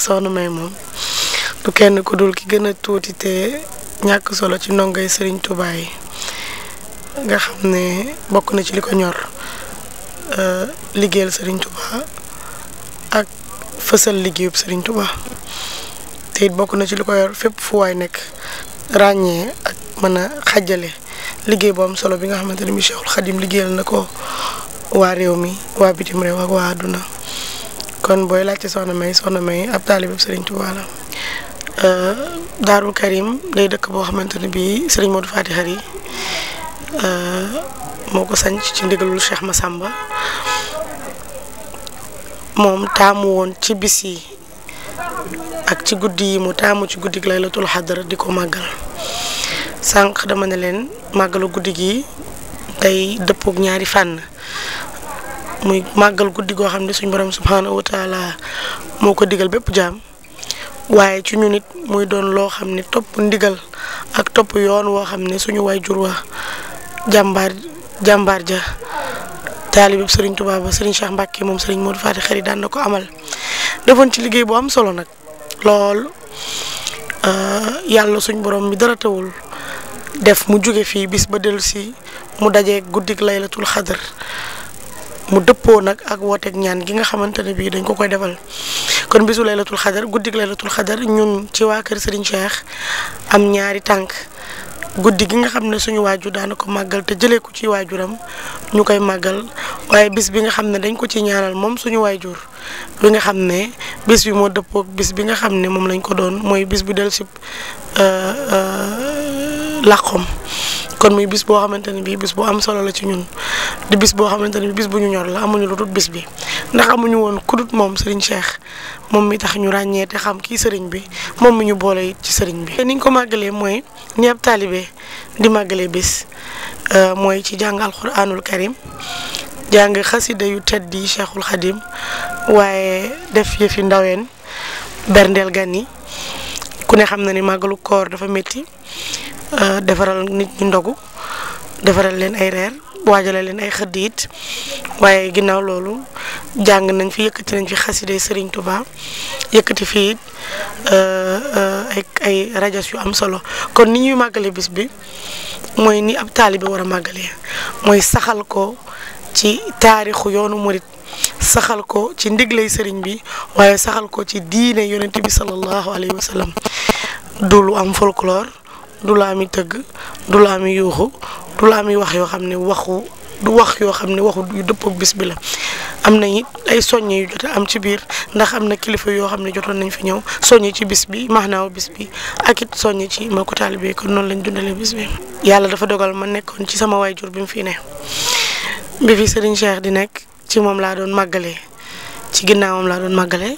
soxna May moom du kenn ku dul ki gën a tuuti te ñàkk solo ci ndongoy Serigne Touba yi nga xam ne bokk na ci li ko ñor euh, liggéeyal Serigne Touba ak fësal liggéeyub sëriñ Touba te it bokk na ci li ko yor fépp fu waay nekk ràññee ak mën a xajale liggéey boom am solo bi nga xamante ne bi Cheikhul Khadim liggéeyal na ko waa réew mi waa bitim réew ak waa àdduna kon booy laajte soxna May soxna May ab taalibe Serigne Touba la euh, Daarul Karim day dëkk boo xamante ne bii Serigne Modou Fatiha yi euh, moo ko sanc ci ndigalul Cheikh Massamba moom taamu woon ci bis yi ak ci guddi yi mu taamu ci guddi gi laylatul xadar di ko màggal sànq dama ne leen màggalu guddi gi day dëppook ñaari fànn muy màggal guddi goo xam ne suñ borom subhaanahu wa taala moo ko digal bépp jaam waaye ci ñu nit muy doon loo xam ne topp ndigal ak topp yoon woo xam ne suñu waajur wa jàmbaar jàmbaar ja taalib sëriñ Tuubaa ba sëriñ Cheikh Mbacke moom sëriñ moo Faty Khary daan na ko amal defoon ci liggéey bu am solo nag lool euh, yàlla suñ borom mi dara tawul def mu jóge fii bis ba dellusi mu daje guddik laylatul xadar mu dëppoo nag ak wooteek ñaan gi nga xamante ne bii dañ ko koy defal kon bisu laylatul xadar guddig laylatul xadar ñun ci waa kër Serigne Cheikh am ñaari tànk guddi gi nga xam ne suñu waajur daana ko màggal te jëlee ko ci waajuram ñu koy màggal waaye bis bi nga xam ne dañ ko ci ñaanal moom suñu waajur bi nga xam ne bis bi moo dëppoog bis bi nga xam ne moom lañ ko doon mooy bis bi del si euh, euh, làqom kon muy bis boo xamante ne bii bis bu am solo la ci ñun di bis boo xamante ne bii bis bu ñu ñor la amuñu lu dul bis bi ndax amuñu woon ku dul moom Serigne seex moom mi tax ñu ràññee te xam kii Serigne bi moom mi ñu boole it ci sëriñ bi. ni ñu ko màggalee mooy ni ab taalibe di màggalee bis euh, mooy ci jàng alxuraanul karim jàng xasida yu tedd yi seexul Khadim waaye def yëfi ndaween berndeel gan yi ku ne xam na ni màggalu koor dafa metti Euh, defaral nit ñu ndogu defaral leen ay reer waajale leen ay xëdd it waaye ginnaaw loolu jàng nañ fi yëkkati nañ fi xaside Serigne Touba yëkkati fii euh, euh, ay ay rajas yu am solo kon ni ñuy màggale bis bi mooy ni ab taalibe war a màggalee mooy saxal ko ci taarixu yoonu murit saxal ko ci ndigley sëriñ bi waaye saxal ko ci diine yonent bi sallallahu alayhi wa sallam du lu am folklore du laa mi tëgg du laa mi yuuxu du laa mi wax yoo xam ne waxu du wax yoo xam ne waxu yu dëppook bis bi la am na it ay soññe yu jot am ci biir ndax am na kilifa yoo xam ne jotoon nañ fi ñëw soññe ci bis bi maanaaw bis bi ak it soññe ci ma ko taalibe kon noonu lañ dundalee bis bi. yàlla dafa dogal ma nekkoon ci sama jur bi mu fi ne bi fi Serigne di nekk ci moom laa doon màggalee ci ginnaawam laa doon màggalee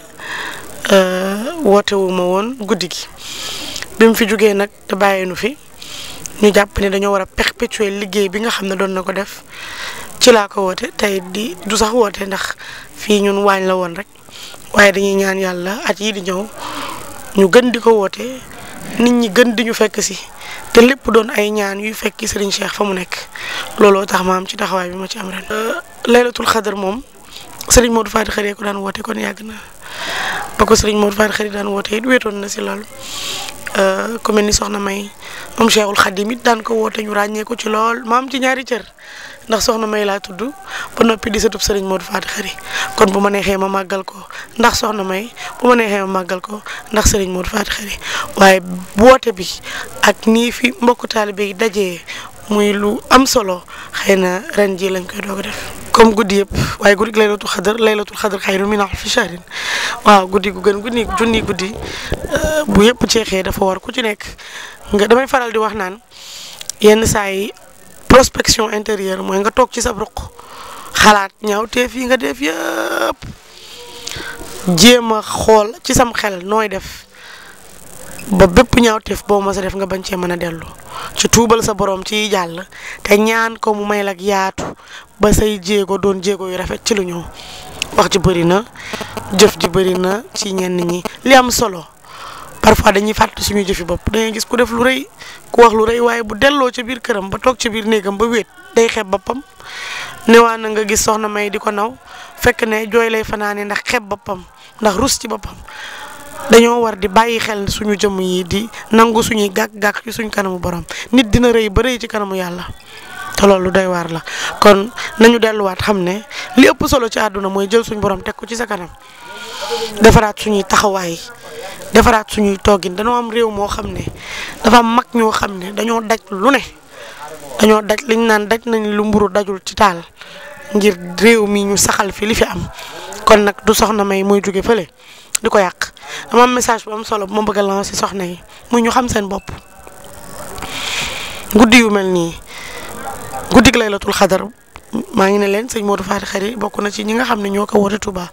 euh, woote woon guddi gi. bi mu fi jógee nag te bàyyi nu fi ñu jàpp ne dañoo war a perpétuer liggéey bi nga xam ne doon na ko def ci laa ko woote tey di du sax woote ndax fii ñun waañ la woon rek waaye dañuy ñaan yàlla at yi di ñëw ñu gën di ko woote nit ñi gën di ñu fekk si te lépp doon ay ñaan yuy fekki Serigne Cheikh fa mu nekk looloo tax ma am ci taxawaay bi ma ci am ren. Euh, laylatul xadar moom Serigne Modou Fatick xaree ko daan woote kon yàgg na ba ko sëriñ Mor Faty Khary daan woote it wéetoon na si loolu euh, ku mel ni soxna May moom Cheikhul Khadim it daan ko woote ñu ràññee ko ci lool maam ci ñaari cër ndax soxna May laa tudd ba noppi di sëtub sëriñ Mor Faty Khary kon bu ma neexee ma màggal ko ndax soxna May bu ma neexee ma màggal ko ndax sëriñ Mor Faty Khary waaye woote bi ak nii fi mbokku taalibe yi dajee muy lu am solo xëy na ren jii lañ koy doog a def comme guddi yëpp waaye guddi laylatul xadar laylatul xadar xayru min alfi shahrin waaw guddi gu gën guddi junni guddi euh, bu yëpp ceexee dafa war ku ci nekk nga damay faral di wax naan yenn saa yi prospection intérieure mooy nga toog ci sa ruq xalaat ñaaw teef yi nga def yëpp jéem a xool ci sam xel nooy def ba bépp ñaaw ñaawteef boo ma sa def nga bañ cee mën a dellu ci tuubal sa boroom ci jàll te ñaan ko mu may lag ak yaatu ba say jéego doon jéego yu rafet ci lu ñëw wax ji bëri na jëf ji bëri na ci ñenn ñi li am solo parfois dañuy fàtte suñu jëfi bopp dañuy gis ku def lu rëy ku wax lu rëy waaye bu delloo ci biir këram ba toog ci biir néegam ba wéet day xeeb boppam newaa na nga gis soxna May di ko naw fekk ne jooy lay fanaane ndax xeeb boppam ndax rus ci boppam dañoo war di bàyyi xel suñu jëmm yi di nangu suñuy gàkk-gàkk ci suñ kanamu borom nit dina rëy ba rëy ci kanamu yàlla te loolu day waar la kon nañu delluwaat xam ne li ëpp solo ci àdduna mooy jël suñu borom teg ko ci sa kanam defaraat suñuy taxawaay defaraat suñuy toogin dañoo am réew moo xam ne dafa am mag ñoo xam ne dañoo daj lu ne dañoo daj liñ naan daj nañ lu mburu dajul ci taal ngir réew mi ñu saxal fi li fi am kon nag du soxna may mooy jóge fële di ko yàq dama message bu solo bu ma bëgg a lancer soxna yi muy ñu xam seen bopp guddi yu mel nii guddi laylatul xadar maa ngi ne leen sëñ moo Faty Khary bokk na ci ñi nga xam ne ñoo ko woote Touba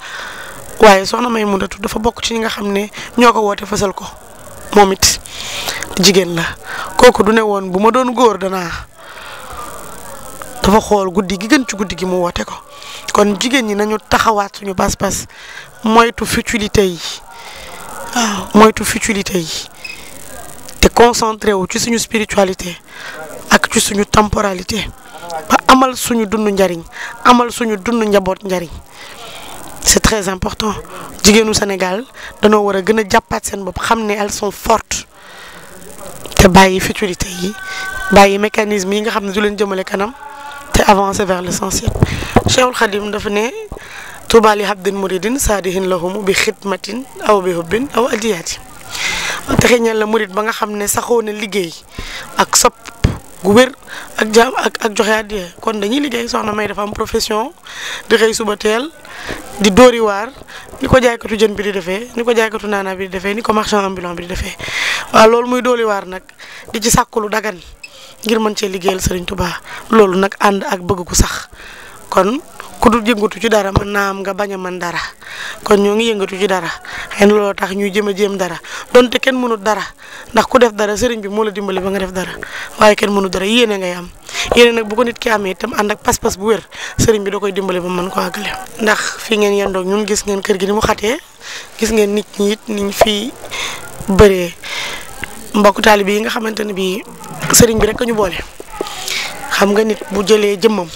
waaye soxna May Mundatu dafa bokk ci ñi nga xam ne ñoo ko woote fësal ko moom it jigéen la kooku du ne woon bu ma doon góor danaa. dafa xool guddi gi gën ci guddi gi mu woote ko kon jigéen ñi nañu taxawaat suñu pas-pas moytu futilité yi waaw moytu futilité yi te concentré wu ci suñu spiritualité ak ci suñu temporalité ba amal suñu dund njariñ amal suñu dund njaboot njariñ c'est très important jigéenu Sénégal danoo war a gën a jàppaat seen bopp xam ne elles sont fortes te bàyyi futilité yi bàyyi mécanisme yi nga xam ne du leen jëmale kanam. te avancer vers l'essentiel Cheikhul Khadim dafa ne Tuubaa li habdin muridin saadihin lahumu bi xidmatin aw bi hubbin aw adiyaati texe ñeel la murid ba nga xam ne saxoo na liggéey ak sopp gu wér ak ak ak joxe àddiya kon dañuy liggéey soxna may dafa am profession di xëy suba teel di dóori waar ni ko jaaykatu jën bi di defee ni ko jaaykatu naanaa bi di defee ni ko marchand ambulant bi di defee waaw loolu muy dóori waar nag di ci sàkku dagan ngir mën cee liggéeyal Serigne Touba loolu nag ànd ak bëgg ko sax kon ku dul yëngatu ci dara mën naa am nga bañ a mën dara kon ñoo ngi yëngatu ci dara xëy na looloo tax ñuy jëm a jéem dara donte kenn mënut dara ndax ku def dara Serigne bi moo la dimbali ba nga def dara waaye kenn mënut dara yéene ngay am yéene nag bu ko nit ki amee itam ànd ak pas-pas bu wér sëriñ bi da koy dimbali ba mën ko àggale. ndax fii ngeen yendoog ñun gis ngeen kër gi ni mu xatee gis ngeen nit ñi it niñ fi mbokk taalibe yi nga xamante ne bii sëriñ bi rek a ñu boole xam nga nit bu jëlee jëmmam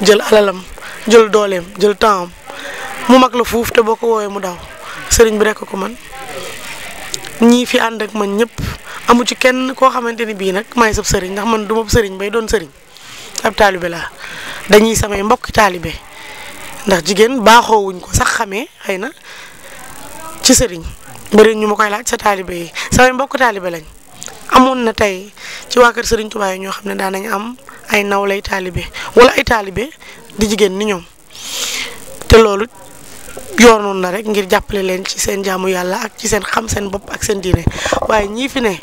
jël alalam jël dooleem jël tempsam mu mag la fuuf te boo ko woowee mu daw sëriñ bi rekk ko man ñii fi ànd ak man ñëpp amu ci kenn koo xamante ni bii nag maay sab sëriñ ndax man du ma sëriñ bay doon sëriñ ab taalibe laa dañuy samay mbokk taalibe ndax jigéen baaxoowuñ ko sax xamee xëy na ci sëriñ. bëri ñu ma koy laaj sa taalibe yi samay mbokk taalibe lañ amoon na tey ci waa kër Serigne Touba ñoo xam ne daan nañ am ay nawlay taalibe wala ay taalibe di jigéen ni ñoom te loolu yoonoon na rek ngir jàppale leen ci seen jaamu yàlla ak ci seen xam seen bopp ak seen diine waaye ñii fi ne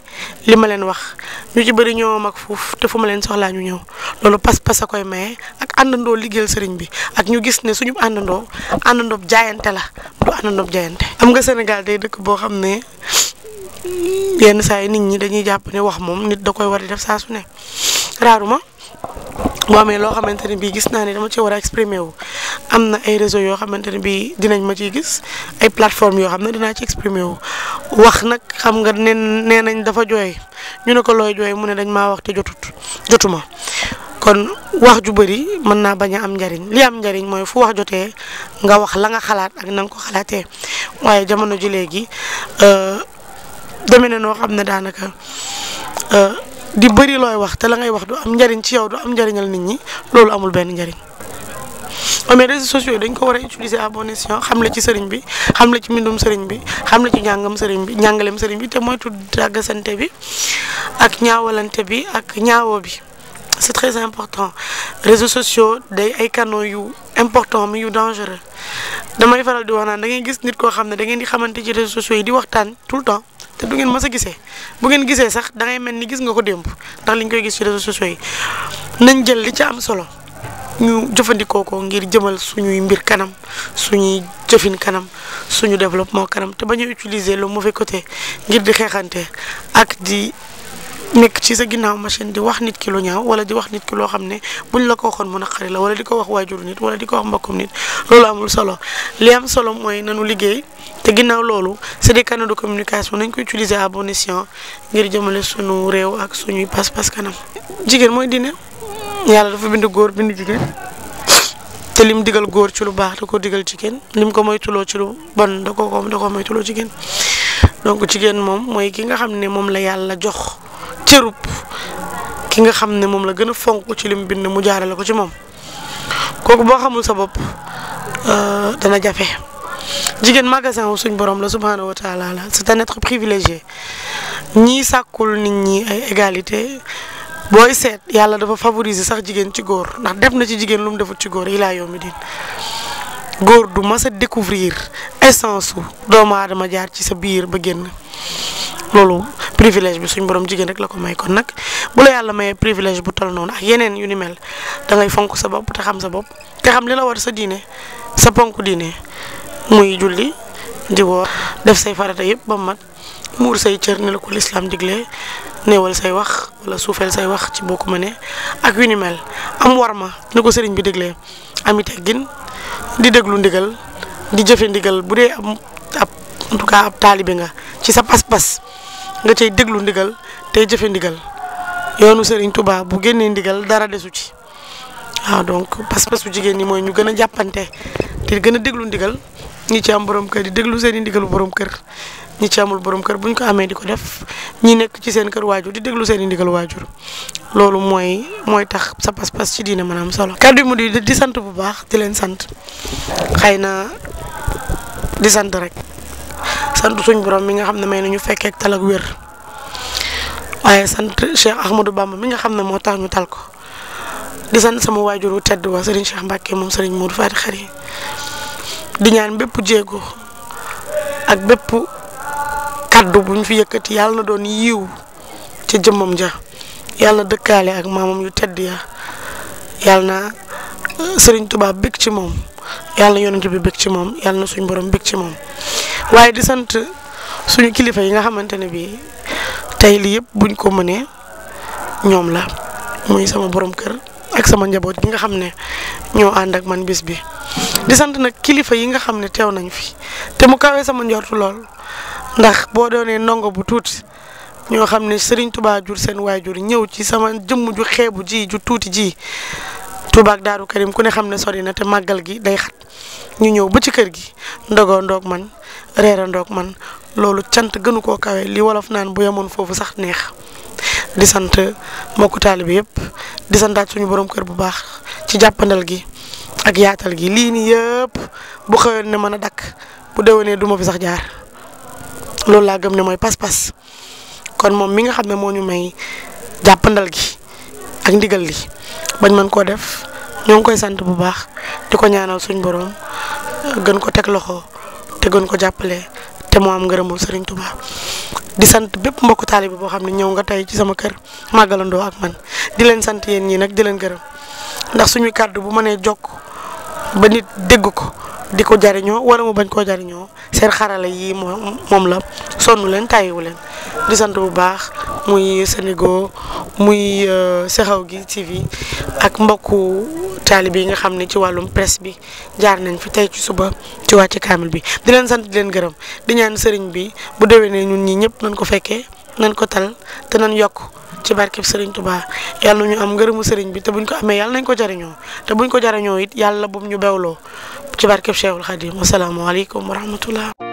li ma leen wax ñu ci bëri ñoo mag fuuf te fu ma leen soxlaa ñu ñëw loolu pas-pas a koy maye ak àndandoo liggéeyal sëriñ bi ak ñu gis ne suñu àndandoo àndandoo jaayante la du àndandoo jaayante. am nga Sénégal day dëkk boo xam ne yenn saa yi nit ñi dañuy jàpp ne wax moom nit da koy war di def saa su ne raaruma boo amee loo xamante ne bii gis naa ne dama ci war a exprimer wu am na ay réseaux yoo xamante ne bii dinañ ma ciy gis ay plateformes yoo xam ne dinaa ci exprimer wu wax nag xam nga nee nee nañ dafa jooy ñu ne ko looy jooy mu ne dañ maa wax te jotut jotuma kon wax ju bëri mën naa bañ a am njariñ li am njariñ mooy fu wax jotee nga wax la nga xalaat ak na nga ko xalaatee waaye jamono ji léegi euh, deme ne noo xam ne daanaka euh, di bëri looy wax te la ngay wax du am njariñ ci yow du am njariñal nit ñi loolu amul benn njariñ Oh, mais réseaux sociaux yi dañ ko war a utiliser à bon xam la ci sëriñ bi xam la ci mbindum sëriñ bi xam la ci njàngam sëriñ bi njàngaleem sëriñ bi te moytu dàggasante bi ak ñaawalante bi ak ñaawo bi c'est très important réseaux sociaux day ay canaux yu important mais yu dangereux damay faral di wax naan da ngay gis nit koo xam ne da ngeen di xamante ci réseaux sociaux yi di waxtaan tout le temps te du ngeen mës a gisee bu ngeen gisee sax da mel ni gis nga ko démb ndax li ñu koy gis ci réseaux sociaux yi nañ jël li ci am solo. ñu jëfandikoo ko ngir jëmal suñuy mbir kanam suñuy jëfin kanam suñu développement kanam te bañ a utiliser le mauvais côté ngir di xeexante ak di nekk ci sa ginnaaw machine di wax nit ki lu ñaaw wala di wax nit ki loo xam ne buñ la ko waxoon mu naqari la wala di ko wax waajuru nit wala di ko wax mbokkum nit loolu amul solo li am solo mooy nanu liggéey te ginnaaw loolu c'est de canaux de communication nañ ko utiliser à bon ngir jëmale suñu réew ak suñuy pas-pas kanam jigéen yàlla dafa bind góor bind jigéen te lim digal góor ci lu baax da ko digal jigéen lim ko moytuloo ci lu bon da ko da ko moytuloo jigéen donc jigéen moom mooy ki nga xam ne moom la yàlla jox cërub ki nga xam ne moom la gën a fonk ci lim bind mu la ko ci moom kooku boo xamul sa bopp euh, dana jafe jigéen magasin wu suñ borom la subhaanahu wa taala la c'est un être privilégié ñii sàkkul nit ñi ay égalité booy seet yàlla dafa favoriser sax jigéen ci góor ndax def na ci jigéen lu mu defut ci góor yi laa yombi din góor du mas découvrir essence su doomu aadama jaar ci sa biir ba génn loolu privilège bi suñ borom jigéen rek la ko may kon nag bu la yàlla mayee privilège bu toll noonu ak yeneen yu ni mel da ngay fonk sa bopp te xam sa bopp te xam li la war sa diine sa ponk diine muy julli di woor def say farata yëpp ba mag muur say cër ne la ko lislaam digle néewal say wax wala suufeel say wax ci bokk ma ne ak yu ni mel am war ma ne ko sëriñ bi diglee am i teggin di déglu ndigal di jëfe ndigal bu dee am en tout cas ab taalibe nga ci sa pas-pas nga cay déglu ndigal tey jëfe ndigal yoonu sëriñ Tuubaa bu génnee ndigal dara desu ci waaw donc pas-pasu jigéen ñi mooy ñu gën a jàppante te gën a déglu ndigal ñi ci am borom kër di déglu seen i ndigalu borom kër ñi ci amul borom kër bu ñu ko amee di ko def ñi nekk ci seen kër waajur di déglu seen i ndigal waajur loolu mooy mooy tax sa pas-pas ci diine maanaam solo. kaddu mu di di sant bu baax di leen sant xëy na di sant rek sant suñ borom mi nga xam ne may nañu fekkee tal ak waaye sant Cheikh Ahmadou Bamba mi nga xam ne moo tax ñu tal ko. di sant sama waajur wu tedd wa Serigne Cheikh Mbacke moom Serigne Modou Fati Khari di ñaan bépp jéego ak bépp kaddu bu mu fi yëkkati yàlla na doon yiw ci jëmmam ja yàlla na dëkkaale ak maamam yu tedd ya yàlla na euh, Sëriñ tubaab bég ci moom yàlla na yonent bi bég ci moom yàlla na suñ borom bég ci moom waaye di sant suñu kilifa yi nga xamante ne bii tey lii yëpp buñ ko mënee ñoom la muy sama borom kër ak sama njaboot gi nga xam ne ñoo ànd ak man bis bi di sant nag kilifa yi nga xam ne teew nañ fi te mu kawee sama njortu lool. ndax boo doonee ndongo bu tuuti ñoo xam ne sëriñ Touba jur seen waajur ñëw ci sama jëmm ju xeebu ji ju tuuti ji Touba ak Daaru Karim ku ne xam ne sori na te màggal gi day xat ñu ñëw ba ci kër gi ndogoo ndoog man reera ndoog man loolu cant gënu koo kawe li wolof naan bu yemoon foofu sax neex di sant mbokku taalibe yëpp di santaat suñu boroom kër bu baax ci jàppandal gi ak yaatal gi lii nii yëpp bu xëyoon ne mën a dakk bu déwénee duma fi sax jaar. loolu laa gëm ne mooy pas-pas kon moom mi nga xam ne moo ñu may jàppandal gi ak ndigal li bañ mën koo def ñoo ngi koy sant bu baax di ko ñaanal suñ boroom euh, gën ko teg loxo te gën ko jàppale te moo am ngërëmul Serigne Touba di sant bépp mbokku taalibe boo xam ne ñëw nga tey ci sama kër màggalandoo ak man di leen sant yéen ñii nag di leen gërëm ndax suñuy kàddu bu mënee jokk ba nit dégg ko. di ko jariñoo wala mu bañ koo jariñoo seen xarala yi moom moom la sonn leen tàyyiwu leen di sant bu baax muy Senego muy euh, Sexaw gi TV ak mbokku taalibe yi nga xam ne ci wàllum presse bi jaar nañ fi tey ci suba ci wàcc kaamil bi di leen sant di leen gërëm di ñaan sëriñ bi bu ne ñun ñi ñëpp nañ ko fekkee nañ ko tal te nañ yokk ci barkeb Serigne Touba yàlla ñu am ngërëmu Serigne bi te ko amee yàlla nañ ko jariñoo te buñ ko jariñoo it yàlla bum ñu bewloo ci barkeb Cheikhul Khadim wasalaamaaleykum wa rahmatullah